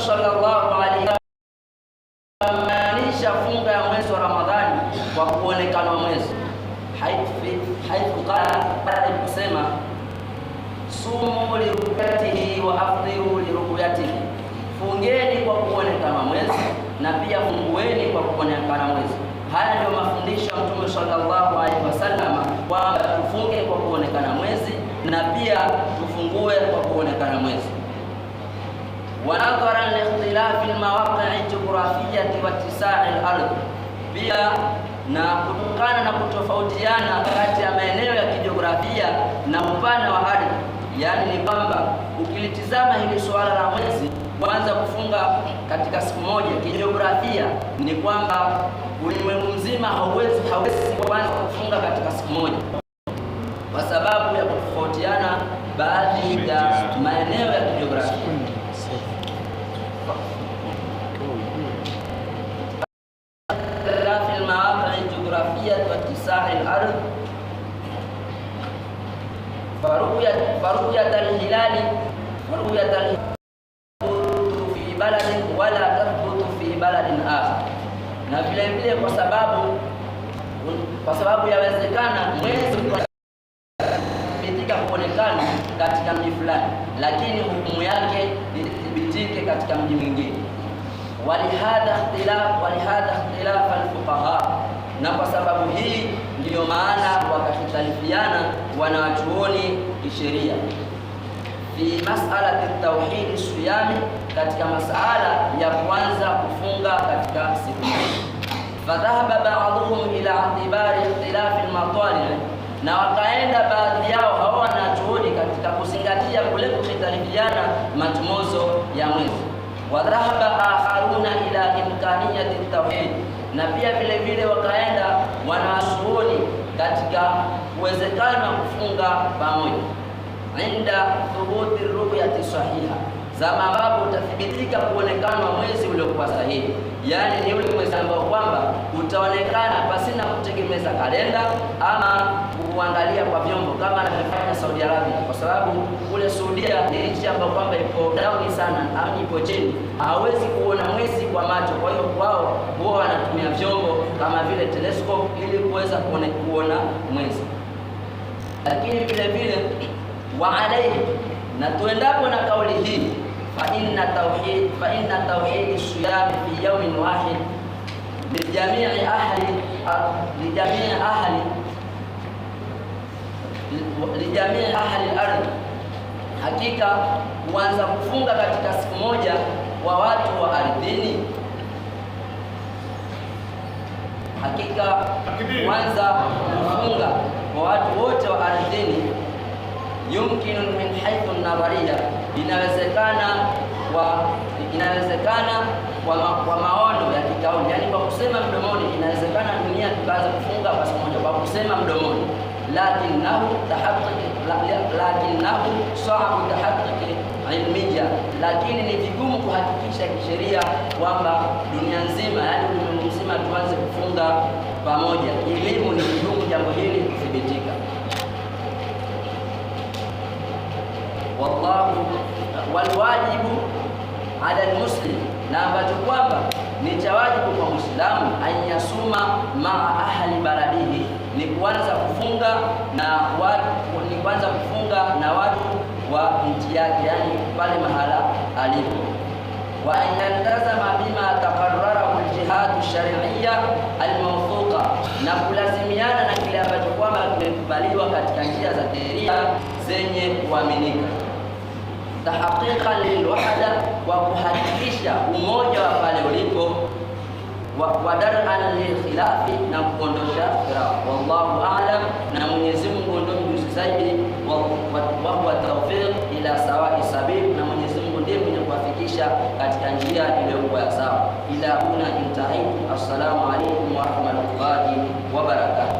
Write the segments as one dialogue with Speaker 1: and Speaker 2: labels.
Speaker 1: sallallahu alaihi wasallam maanisha funga ya mwezi wa Ramadhani kwa kuonekana mwezi haikusema sumu liruyatihi wa afdhiru liruyatihi, fungeni kwa kuonekana mwezi na pia fungueni kwa kuonekana mwezi. Haya ndio mafundisho ya Mtume sallallahu alaihi wasallam kwamba tufunge kwa kuonekana mwezi na pia tufungue kwa kuonekana mwezi wa alwafiyati watisai lardhi, pia na kutokana na kutofautiana kati ya maeneo ya kijiografia na upana wa ardhi. Yaani ni kwamba ukilitizama hili suala la mwezi kuanza kufunga katika siku moja, kijiografia ni kwamba ulimwengu mzima hauwezi hauwezi kuanza kufunga katika siku moja kwa sababu ya kutofautiana baadhi ya maeneo ya kijiografia. ru'yat al-hilal ru'yat fi baladin wala tathbutu fi baladin akhar, na vile vile kwa sababu kwa sababu yawezekana mwezi kuthibitika kuonekana katika mji fulani, lakini hukumu yake ithibitike katika mji mwingine. Walihadha ikhtilaf walihadha ikhtilaf alfuqaha, na kwa sababu hii ndiyo maana wakakhtalifiana wanawachuoni kisheria fi mas'alati tauhidi siyami, katika masala ya kwanza kufunga katika siku Fadhahaba ba'dhum ila i'tibari ikhtilafi al matalib na wakaenda baadhi yao hawana juhudi katika kuzingatia kule kukhitalifiana matumozo ya mwezi. Wadhahaba akharuna ila imkaniyati tauhid, na pia vile vile wakaenda wanazuoni katika uwezekano wa kufunga pamoja inda thubuti ru'yati sahiha, zama ambapo utathibitika kuonekana mwezi uliokuwa sahihi, yani ni ule mwezi ambao kwamba utaonekana pasina kutegemeza kalenda ama kuangalia kwa vyombo kama anavyofanya Saudi Arabia, kwa sababu kule Saudia ni nchi ambayo kwamba ipo down sana au ipo chini, hawezi kuona mwezi kwa macho. Kwa hiyo wao huwa wanatumia vyombo kama vile telescope ili kuweza kuona mwezi, lakini vile vile wa alayhi, na tuendapo na kauli hii fa inna tauhid fa inna tauhid siyam fi yawmin wahid lijamii ahli jami'i ahli jami'i ahli al ard hakika kuanza kufunga katika siku moja wa watu wa ardhini hakika kuanza kufunga kwa watu wote wa ardhini yumkinu min haithu nadharia, inawezekana kwa inawezekana kwa, ma, kwa maono ya kikauli, yani kwa kusema mdomoni. Inawezekana dunia ikaweza kufunga basi moja kwa kusema mdomoni, lakinahu lakini nahu sa'u tahaqquq ilmija, lakini ni vigumu kuhakikisha kisheria kwamba dunia nzima, yani ulimwengu tuanze kufunga pamoja. Elimu ni vigumu wallahu walwajibu ala muslim na ambacho kwamba ni cha wajibu kwa Muislamu anyasuma maa ahli baradihi ni kuanza kufunga na watu, ni kuanza kufunga na watu wa nchi yake, yani pale mahala alipo wa anyaltazama bima taqarrarahu ljihadu shari'iyya almawthuqa, na kulazimiana na kile ambacho kwamba kimekubaliwa katika njia za teria zenye kuaminika tahakika lilwahda, wa kuhakikisha umoja wa pale ulipo, wa daran lilkhilafi, na kuondosha khilaf. Wallahu a'lam, na Mwenyezi Mungu ndio mjuzi zaidi. Wa taufiq tawfiq ila sawai sabil, na Mwenyezi Mungu ndiye mwenye kuwafikisha katika njia iliyokuwa sawa. Ila huna intahaitu. Assalamu alaykum wa rahmatullahi wa barakatuh.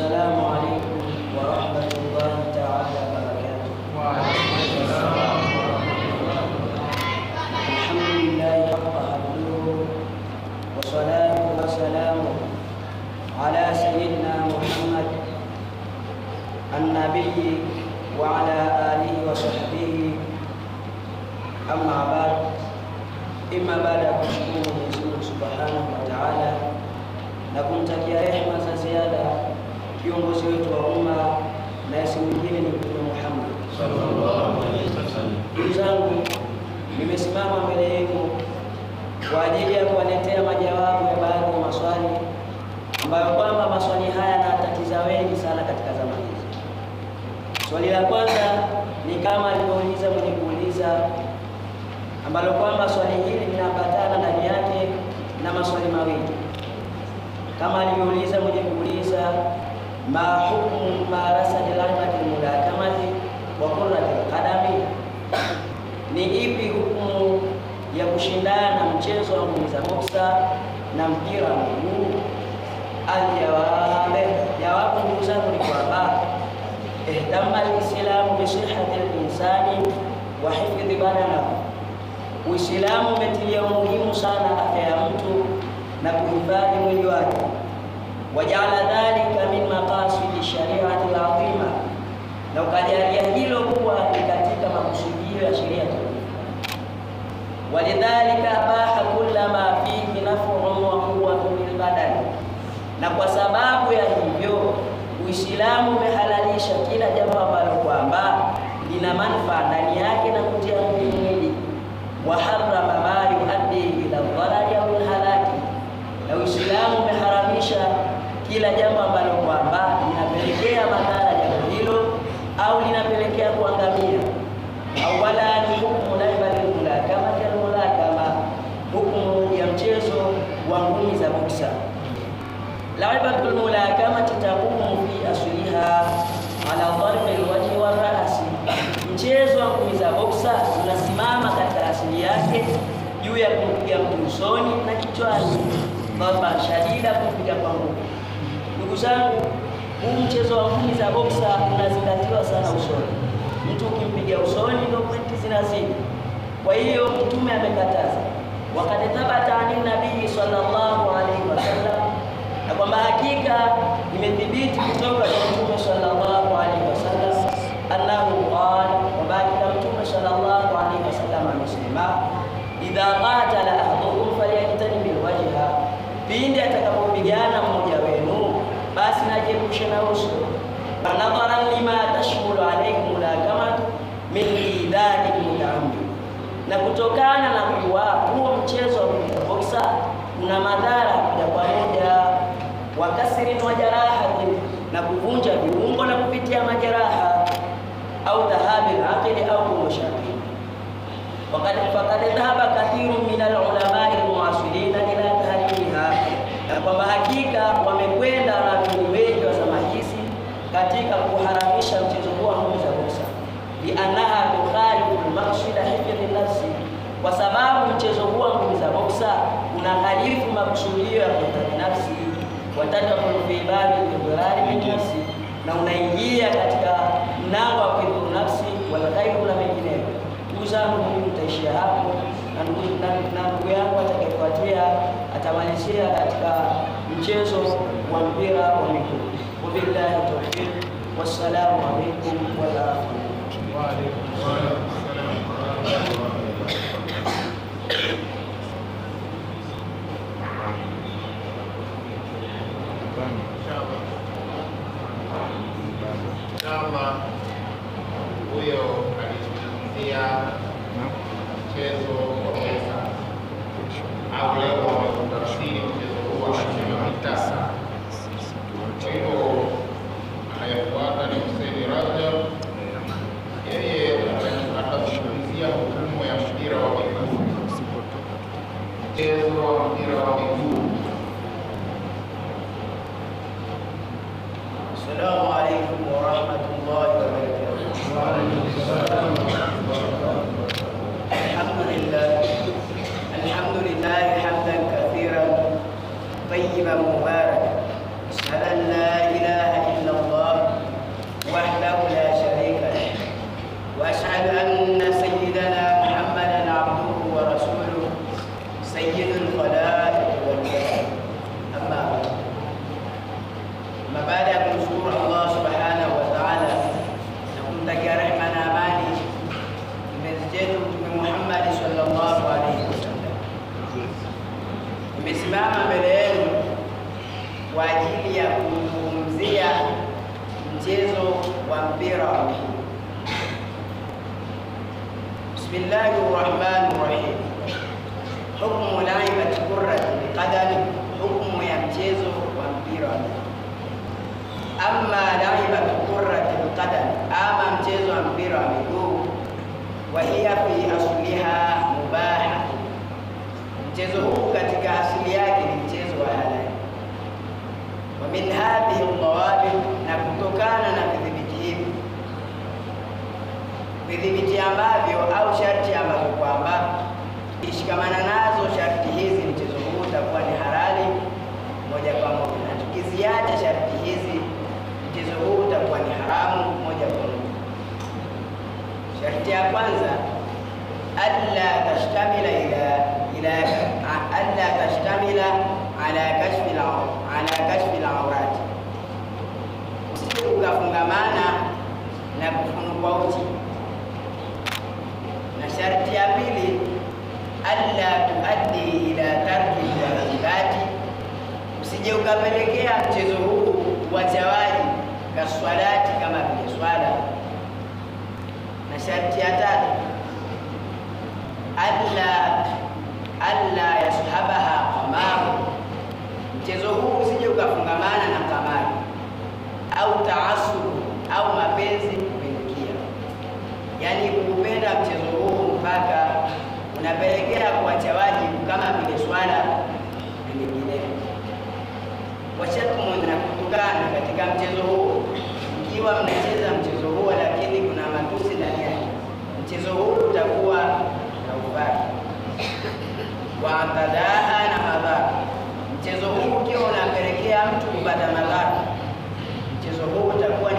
Speaker 1: السلام عليكم ورحمة الله تعالى وبركاته وعليكم السلام ورحمة الله الحمد لله حق حمده وصلاة وسلامه على سيدنا محمد النبي وعلى آله وصحبه أما بعد إما بعد kushukuru Mwenyezi Mungu Subhanahu wa Ta'ala na kumtakia rehema za kiongozi wetu wa umma na si mwingine ni Mtume Muhammad sallallahu alaihi wasallam. Ndugu zangu, nimesimama mbele yenu kwa ajili ya kuwaletea majawabu ya baadhi ya maswali ambayo kwamba maswali haya yanatatiza wengi sana katika zama hizi. Swali la kwanza ni kama alivyouliza mwenye kuuliza, ambalo kwamba swali hili linapatana ndani yake na maswali mawili kama alivyouliza mwenye kuuliza ما حكم ممارسة لعبة wa وقرة lqadami ni ipi hukmu ya kushindana na mchezo wa muiza boksa na mpira wa miguu? Aljawabe, jawabu ndugu zangu ni kwamba ihtama eh, lislamu bisihati linsani wa hifdhi badanahu, Uislamu umetilia umuhimu sana afya ya mtu na kuhifadhi mwili wake wajala dhalika min maqasidi shariati alazima, na ukajalia hilo kuwa ni katika makusudio ya sheria tukufu. Walidhalika abaha kulla ma fihi naf'un wa quwwatun lilbadani, na kwa sababu ya hivyo Uislamu umehalalisha kila jambo ambalo kwamba lina manufaa usoni na kichwani, dhaba shadida kupiga pamoja. Ndugu zangu, huu mchezo wa ngumi za boksa unazingatiwa sana usoni. Mtu ukimpiga usoni ndio pointi zinazidi. Kwa hiyo Mtume amekataza, wakati thabata ani nabii sallallahu alaihi wasallam, na kwamba hakika imethibiti kutoka kwa Mtume sallallahu alaihi wasallam annahu qala, kwamba hakika Mtume sallallahu alaihi wasallam amesema idha qala nadharan lima tashmulu alayhi mulakamatu min idadi mutaammi, na kutokana na kuwa huo mchezo wa boksa una madhara ya pamoja, wakasiri wa jaraha, na kuvunja viungo na kupitia majeraha, au dhahabi aqli au mushaqi wakad faqad dhahaba kathiru min al-ulama al-muasirina ila tahrimiha, na kwamba hakika wame unaharifu makusudio ya kutoka binafsi watatu wakulubibali kudorari binafsi na unaingia katika mnango wa kuidhuru nafsi watakaibu na mengineyo. Ndugu zangu, mimi nitaishia hapo, na ndugu yangu atakayefuatia atamalizia katika mchezo wa mpira wa miguu. Wabillahi tawfiq, wassalamu alaikum warahmatullahi wabarakatuh. inshallah, huyo alizungumzia mchezo huu katika asili yake ni mchezo wa halali. wa min hadhihi ldawabi, na kutokana na vidhibiti hivi vidhibiti ambavyo au sharti ambazo kwamba ishikamana nazo sharti hizi, mchezo huu utakuwa ni halali moja kwa moja, na tukiziacha sharti hizi, mchezo huu utakuwa ni haramu moja kwa moja. Sharti ya kwanza alla tashtamila kamila ala kashfi ala kashfi alawrat, usije ukafungamana na kufunukwa uchi. Na sharti ya pili, alla tuaddi ila tarki lwajibati, usije ukapelekea mchezo huu wa zawaji kaswalati, kama vile swala. Na sharti ya tatu alla alla mchezo huu usije ukafungamana na kamari au taasubu au mapenzi kupindukia, yaani kupenda mchezo huu mpaka unapelekea kuacha wajibu kama vile swala vingine. Washatmu na kutukana katika mchezo huu, ikiwa mnacheza mchezo huu lakini kuna matusi ndani yake, mchezo huu utakuwa na ubaya wa na madhara mchezo huu ukiwa unampelekea mtu kupata madhara, mchezo huu utakuwa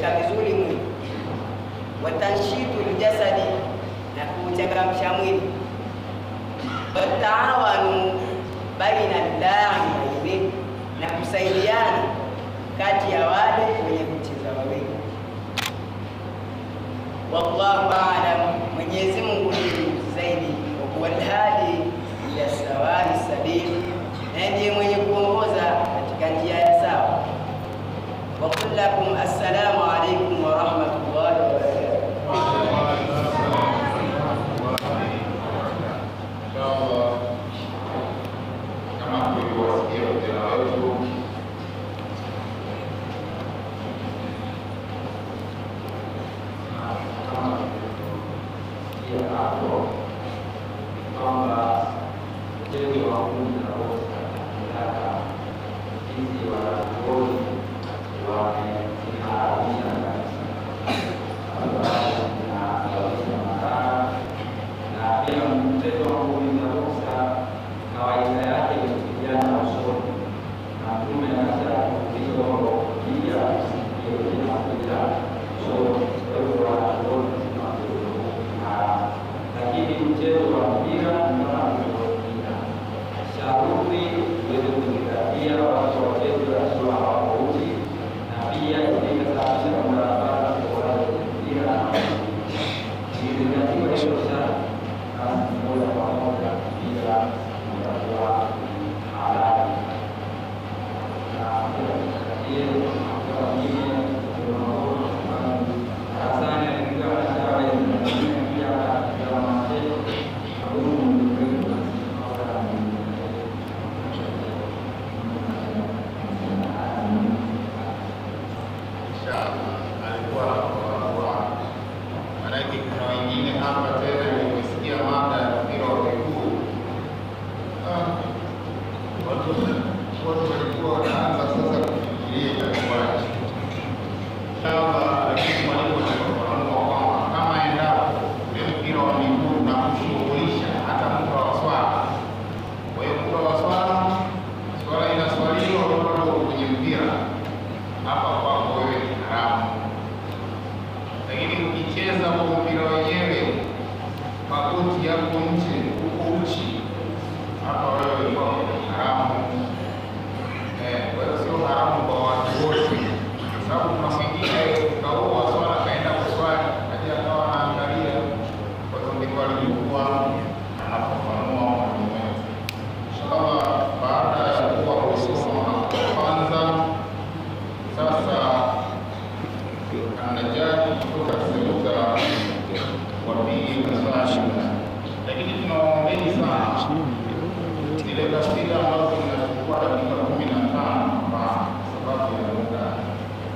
Speaker 1: cha vizuri mwili, watanshitu ljasadi, na kuuchangamsha mwili, wataawanu baina llahi wawili, na kusaidiana kati ya wale wenye kucheza wawili. Wallahu alam Mwenyezi Mungu ni zaidi, wakuwa lhadi ila sawai sabili, na ndiye mwenye kuongoza katika njia ya sawa. Wa lakum assalamu Um,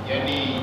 Speaker 1: any